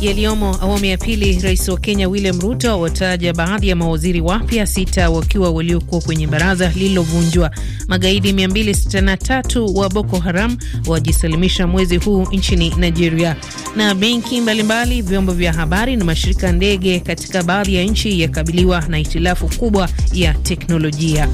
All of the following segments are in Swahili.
yaliyomo awamu ya pili. Rais wa Kenya William Ruto wataja baadhi ya mawaziri wapya sita wakiwa waliokuwa kwenye baraza lililovunjwa. Magaidi 263 wa Boko Haram wajisalimisha mwezi huu nchini Nigeria. Na benki mbalimbali, vyombo vya habari na mashirika ndege katika baadhi ya nchi yakabiliwa na hitilafu kubwa ya teknolojia.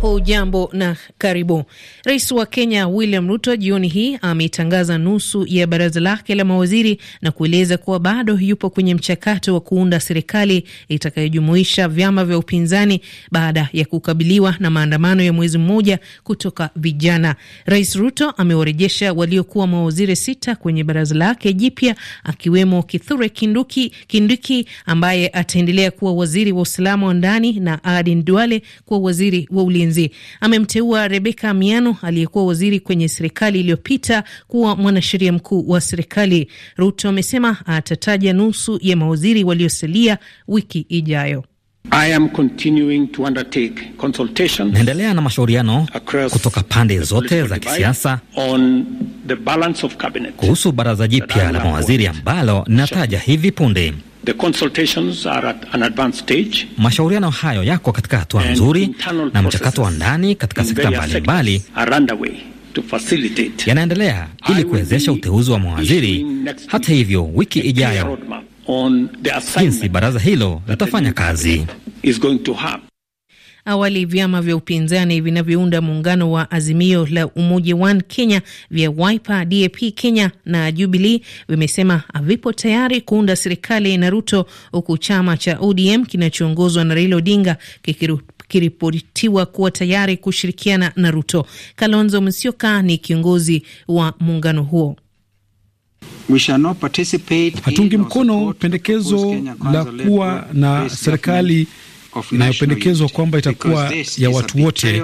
Hujambo na karibu. Rais wa Kenya William Ruto jioni hii ametangaza nusu ya baraza lake la mawaziri na kueleza kuwa bado yupo kwenye mchakato wa kuunda serikali itakayojumuisha vyama vya upinzani baada ya kukabiliwa na maandamano ya mwezi mmoja kutoka vijana. Rais Ruto amewarejesha waliokuwa mawaziri sita kwenye baraza lake jipya, akiwemo Kithure Kindiki, Kinduki ambaye ataendelea kuwa waziri wa usalama wa ndani na Aden Duale kuwa waziri wa ulinzi ulinzi. Amemteua Rebeka Miano aliyekuwa waziri kwenye serikali iliyopita kuwa mwanasheria mkuu wa serikali. Ruto amesema atataja nusu ya mawaziri waliosalia wiki ijayo. Naendelea na mashauriano kutoka pande zote za kisiasa kuhusu baraza jipya la mawaziri ambalo ninataja hivi punde. The consultations are at an advanced stage. Mashauriano hayo yako katika hatua nzuri na mchakato wa ndani katika sekta mbalimbali yanaendelea ili kuwezesha uteuzi wa mawaziri. Hata hivyo, wiki ijayo jinsi baraza hilo litafanya kazi is going to have. Awali vyama vya upinzani vinavyounda muungano wa Azimio la Umoja One Kenya vya Wiper, DAP Kenya na Jubilee vimesema havipo tayari kuunda serikali na Ruto, huku chama cha ODM kinachoongozwa na Raila Odinga kikiripotiwa kuwa tayari kushirikiana na Ruto. Kalonzo Musyoka ni kiongozi wa muungano huo. Hatungi mkono pendekezo la kuwa na serikali inayopendekezwa kwamba itakuwa ya watu wote.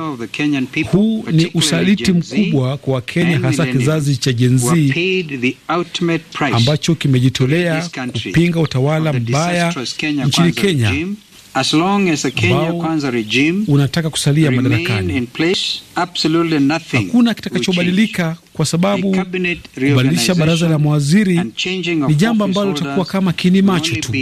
Huu ni usaliti mkubwa kwa Wakenya, hasa kizazi cha jenzi ambacho kimejitolea kupinga utawala mbaya nchini Kenya ambao unataka kusalia madarakani. Hakuna kitakachobadilika kwa sababu kubadilisha baraza la mawaziri ni jambo ambalo litakuwa kama kini macho tu.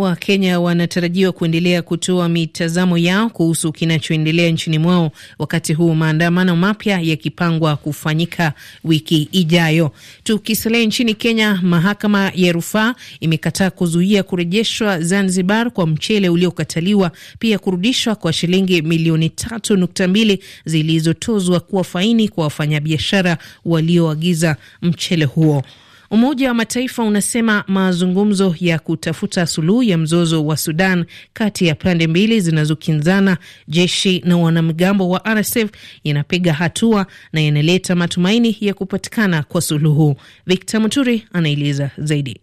Wakenya wanatarajiwa kuendelea kutoa mitazamo yao kuhusu kinachoendelea nchini mwao, wakati huu maandamano mapya yakipangwa kufanyika wiki ijayo. Tukisalia nchini Kenya, mahakama ya rufaa imekataa kuzuia kurejeshwa Zanzibar kwa mchele uliokataliwa, pia kurudishwa kwa shilingi milioni tatu nukta mbili zilizotozwa kuwa faini kwa wafanyabiashara walioagiza mchele huo. Umoja wa Mataifa unasema mazungumzo ya kutafuta suluhu ya mzozo wa Sudan kati ya pande mbili zinazokinzana, jeshi na wanamgambo wa RSF, yanapiga hatua na yanaleta matumaini ya kupatikana kwa suluhu. Victor Muturi anaeleza zaidi.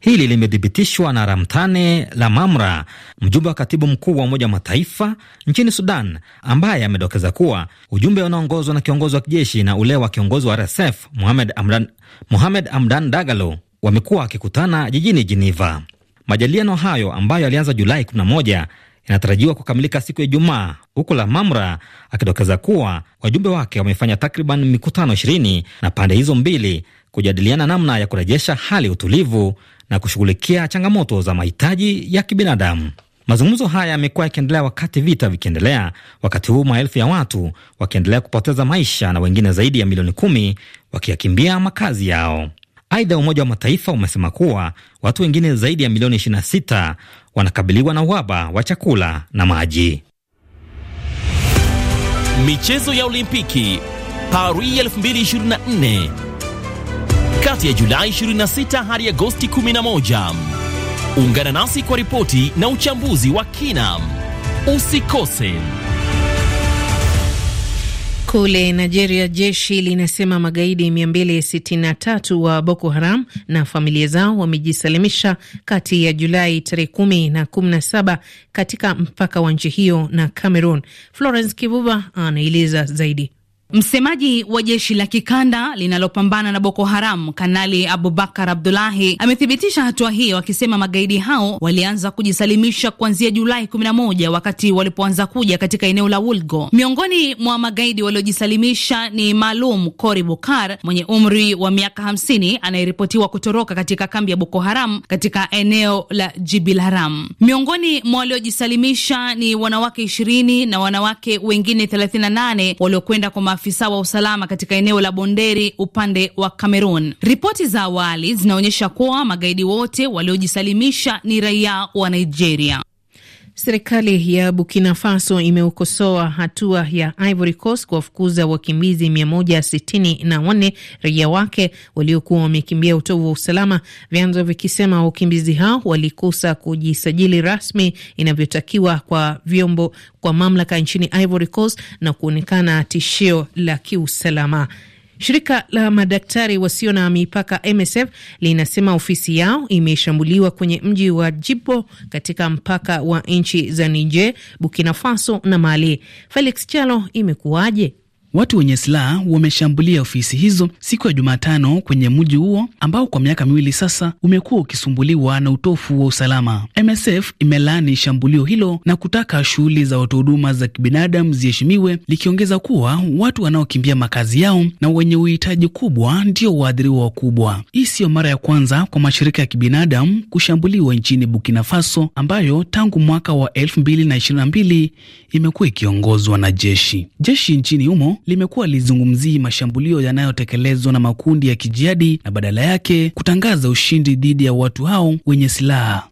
Hili limethibitishwa na Ramtane Lamamra, mjumbe wa katibu mkuu wa Umoja wa Mataifa nchini Sudan, ambaye amedokeza kuwa ujumbe unaongozwa na kiongozi wa kijeshi na ule wa kiongozi wa RSF Mohamed Amdan, Mohamed Amdan Dagalo wamekuwa wakikutana jijini Geneva. Majadiliano hayo ambayo yalianza Julai 11 yanatarajiwa kukamilika siku ya Ijumaa, huku Lamamra akidokeza kuwa wajumbe wake wamefanya takriban mikutano 20 na pande hizo mbili kujadiliana namna ya kurejesha hali ya utulivu na kushughulikia changamoto za mahitaji ya kibinadamu. Mazungumzo haya yamekuwa yakiendelea wakati vita vikiendelea, wakati huu maelfu ya watu wakiendelea kupoteza maisha na wengine zaidi ya milioni kumi wakiyakimbia makazi yao. Aidha, Umoja wa Mataifa umesema kuwa watu wengine zaidi ya milioni 26 wanakabiliwa na uhaba wa chakula na maji. Michezo ya Olimpiki Paris 2024 kati ya Julai 26 hadi Agosti 11. Ungana nasi kwa ripoti na uchambuzi wa kina. Usikose. Kule Nigeria, jeshi linasema magaidi 263 wa Boko Haram na familia zao wamejisalimisha kati ya Julai tarehe 10 na 17 katika mpaka wa nchi hiyo na Cameroon. Florence Kivuva anaeleza zaidi. Msemaji wa jeshi la kikanda linalopambana na Boko Haram, Kanali Abubakar Abdulahi amethibitisha hatua hiyo, akisema magaidi hao walianza kujisalimisha kuanzia Julai 11 wakati walipoanza kuja katika eneo la Wulgo. Miongoni mwa magaidi waliojisalimisha ni Maalum Kori Bukar mwenye umri wa miaka 50 anayeripotiwa kutoroka katika kambi ya Boko Haram katika eneo la Jibil Haram. Miongoni mwa waliojisalimisha ni wanawake 20 na wanawake wengine 38 waliokwenda kwa maafisa wa usalama katika eneo la Bonderi upande wa Cameroon. Ripoti za awali zinaonyesha kuwa magaidi wote waliojisalimisha ni raia wa Nigeria. Serikali ya Burkina Faso imeukosoa hatua ya Ivory Coast kuwafukuza wakimbizi 164 raia wake waliokuwa wamekimbia utovu wa usalama, vyanzo vikisema wakimbizi hao walikosa kujisajili rasmi inavyotakiwa kwa vyombo kwa mamlaka nchini Ivory Coast na kuonekana tishio la kiusalama. Shirika la madaktari wasio na mipaka MSF linasema ofisi yao imeshambuliwa kwenye mji wa Jibo katika mpaka wa nchi za Niger, Burkina Faso na Mali. Felix Chalo, imekuwaje? Watu wenye silaha wameshambulia ofisi hizo siku ya Jumatano kwenye mji huo ambao kwa miaka miwili sasa umekuwa ukisumbuliwa na utofu wa usalama. MSF imelaani shambulio hilo na kutaka shughuli za watoa huduma za kibinadamu ziheshimiwe, likiongeza kuwa watu wanaokimbia makazi yao na wenye uhitaji kubwa ndio waathiriwa wakubwa. Hii siyo mara ya kwanza kwa mashirika ya kibinadamu kushambuliwa nchini Burkina Faso, ambayo tangu mwaka wa 2022 imekuwa ikiongozwa na jeshi. Jeshi nchini humo limekuwa lizungumzii mashambulio yanayotekelezwa na makundi ya kijiadi na badala yake kutangaza ushindi dhidi ya watu hao wenye silaha.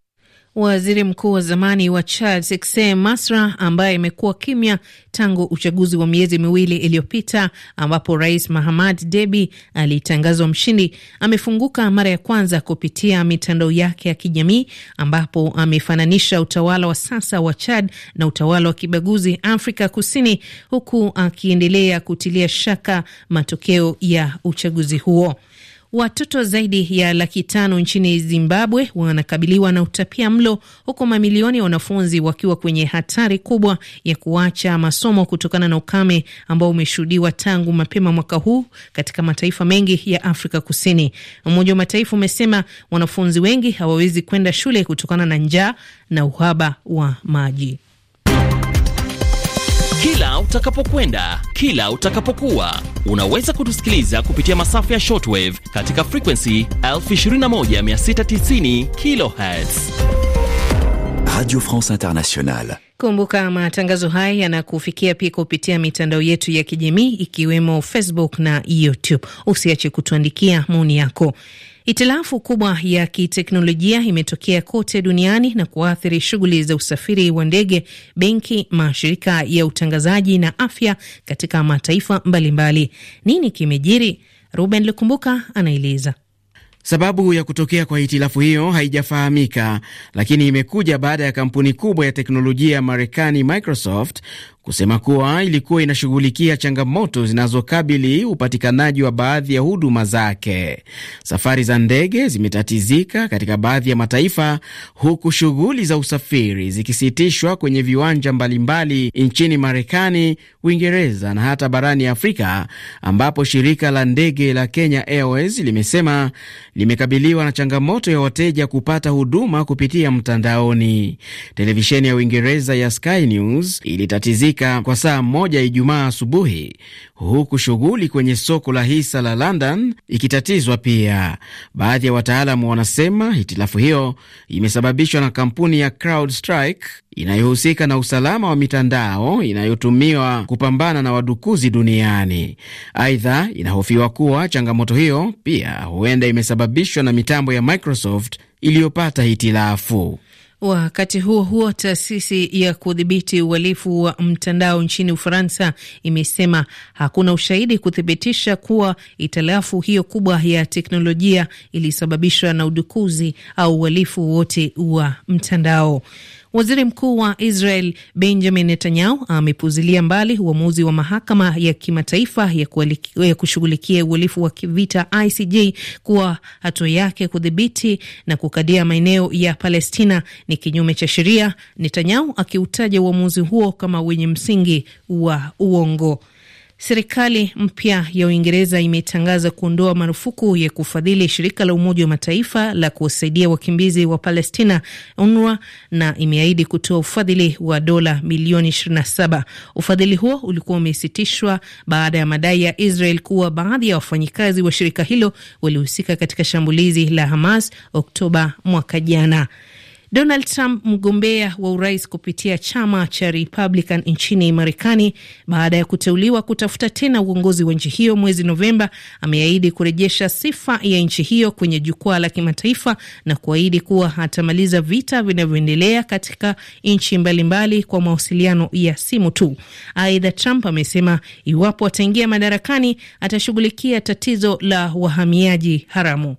Waziri mkuu wa zamani wa Chad Sikse Masra, ambaye imekuwa kimya tangu uchaguzi wa miezi miwili iliyopita ambapo rais Mahamad Debi alitangazwa mshindi, amefunguka mara ya kwanza kupitia mitandao yake ya kijamii, ambapo amefananisha utawala wa sasa wa Chad na utawala wa kibaguzi Afrika Kusini, huku akiendelea kutilia shaka matokeo ya uchaguzi huo. Watoto zaidi ya laki tano nchini Zimbabwe wanakabiliwa na utapia mlo huku mamilioni ya wanafunzi wakiwa kwenye hatari kubwa ya kuacha masomo kutokana na ukame ambao umeshuhudiwa tangu mapema mwaka huu katika mataifa mengi ya Afrika Kusini. Umoja wa Mataifa umesema wanafunzi wengi hawawezi kwenda shule kutokana na njaa na uhaba wa maji. Kila utakapokwenda, kila utakapokuwa, unaweza kutusikiliza kupitia masafa ya shortwave katika frequency 21690 kilohertz. Radio France Internationale. Kumbuka matangazo haya yanakufikia pia kupitia mitandao yetu ya kijamii ikiwemo Facebook na YouTube. Usiache kutuandikia maoni yako. Itilafu kubwa ya kiteknolojia imetokea kote duniani na kuathiri shughuli za usafiri wa ndege, benki, mashirika ya utangazaji na afya katika mataifa mbalimbali mbali. Nini kimejiri? Ruben Lukumbuka anaeleza. Sababu ya kutokea kwa hitilafu hiyo haijafahamika, lakini imekuja baada ya kampuni kubwa ya teknolojia ya Marekani Microsoft kusema kuwa ilikuwa inashughulikia changamoto zinazokabili upatikanaji wa baadhi ya huduma zake. Safari za ndege zimetatizika katika baadhi ya mataifa, huku shughuli za usafiri zikisitishwa kwenye viwanja mbalimbali nchini Marekani, Uingereza na hata barani Afrika, ambapo shirika la ndege la Kenya Airways limesema limekabiliwa na changamoto ya wateja kupata huduma kupitia mtandaoni. Televisheni ya Uingereza ya Sky News ilitatizika Afrika kwa saa moja Ijumaa asubuhi, huku shughuli kwenye soko la hisa la London ikitatizwa pia. Baadhi ya wataalamu wanasema hitilafu hiyo imesababishwa na kampuni ya CrowdStrike inayohusika na usalama wa mitandao inayotumiwa kupambana na wadukuzi duniani. Aidha, inahofiwa kuwa changamoto hiyo pia huenda imesababishwa na mitambo ya Microsoft iliyopata hitilafu. Wakati huo huo, taasisi ya kudhibiti uhalifu wa mtandao nchini Ufaransa imesema hakuna ushahidi kuthibitisha kuwa itilafu hiyo kubwa ya teknolojia ilisababishwa na udukuzi au uhalifu wote wa mtandao. Waziri Mkuu wa Israel Benjamin Netanyahu amepuzilia mbali uamuzi wa mahakama ya kimataifa ya, ya kushughulikia uhalifu wa kivita ICJ kuwa hatua yake kudhibiti na kukadia maeneo ya Palestina ni kinyume cha sheria, Netanyahu akiutaja uamuzi huo kama wenye msingi wa uongo. Serikali mpya ya Uingereza imetangaza kuondoa marufuku ya kufadhili shirika la Umoja wa Mataifa la kuwasaidia wakimbizi wa Palestina, UNRWA, na imeahidi kutoa ufadhili wa dola milioni 27. Ufadhili huo ulikuwa umesitishwa baada ya madai ya Israel kuwa baadhi ya wafanyikazi wa shirika hilo walihusika katika shambulizi la Hamas Oktoba mwaka jana. Donald Trump, mgombea wa urais kupitia chama cha Republican nchini Marekani, baada ya kuteuliwa kutafuta tena uongozi wa nchi hiyo mwezi Novemba, ameahidi kurejesha sifa ya nchi hiyo kwenye jukwaa la kimataifa na kuahidi kuwa atamaliza vita vinavyoendelea katika nchi mbalimbali kwa mawasiliano ya simu tu. Aidha, Trump amesema iwapo ataingia madarakani atashughulikia tatizo la wahamiaji haramu.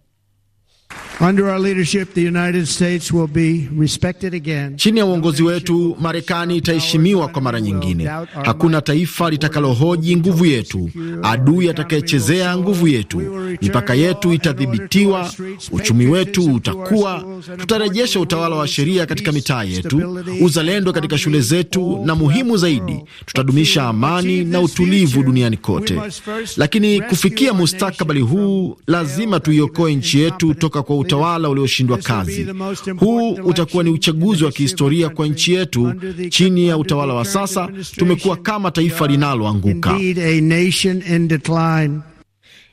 Under our leadership, the United States will be respected again. Chini ya uongozi wetu Marekani itaheshimiwa kwa mara nyingine. Hakuna taifa litakalohoji nguvu yetu, adui atakayechezea nguvu yetu. Mipaka yetu itadhibitiwa, uchumi wetu utakuwa. Tutarejesha utawala wa sheria katika mitaa yetu, uzalendo katika shule zetu, na muhimu zaidi, tutadumisha amani na utulivu duniani kote. Lakini kufikia mustakabali huu, lazima tuiokoe nchi yetu toka kutoka kwa utawala ulioshindwa kazi. Huu utakuwa ni uchaguzi wa kihistoria kwa nchi yetu. Chini ya utawala wa sasa tumekuwa kama taifa linaloanguka.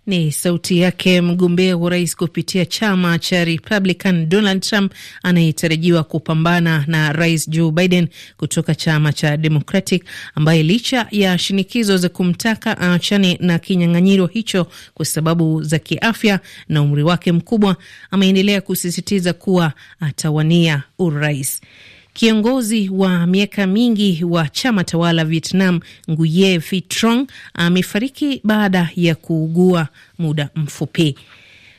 Ni sauti yake mgombea urais kupitia chama cha Republican Donald Trump anayetarajiwa kupambana na rais Joe Biden kutoka chama cha Democratic ambaye licha ya shinikizo za kumtaka aachane na kinyang'anyiro hicho kwa sababu za kiafya na umri wake mkubwa, ameendelea kusisitiza kuwa atawania urais. Kiongozi wa miaka mingi wa chama tawala Vietnam, Nguyen Phu Trong amefariki baada ya kuugua muda mfupi.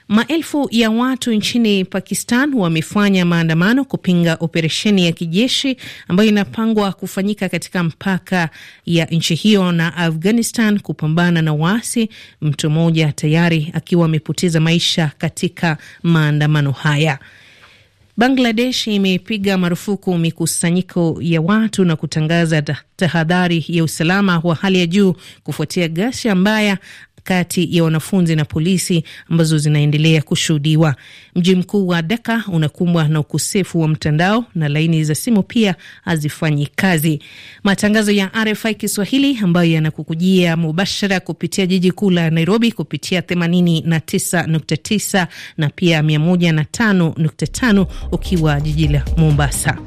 Maelfu ya watu nchini Pakistan wamefanya maandamano kupinga operesheni ya kijeshi ambayo inapangwa kufanyika katika mpaka ya nchi hiyo na Afghanistan kupambana na waasi, mtu mmoja tayari akiwa amepoteza maisha katika maandamano haya. Bangladesh imepiga marufuku mikusanyiko ya watu na kutangaza tahadhari ya usalama wa hali ya juu kufuatia ghasia mbaya kati ya wanafunzi na polisi ambazo zinaendelea kushuhudiwa. Mji mkuu wa daka unakumbwa na ukosefu wa mtandao na laini za simu pia hazifanyi kazi. Matangazo ya RFI Kiswahili ambayo yanakukujia mubashara kupitia jiji kuu la Nairobi kupitia 89.9 na pia 105.5 ukiwa jiji la Mombasa.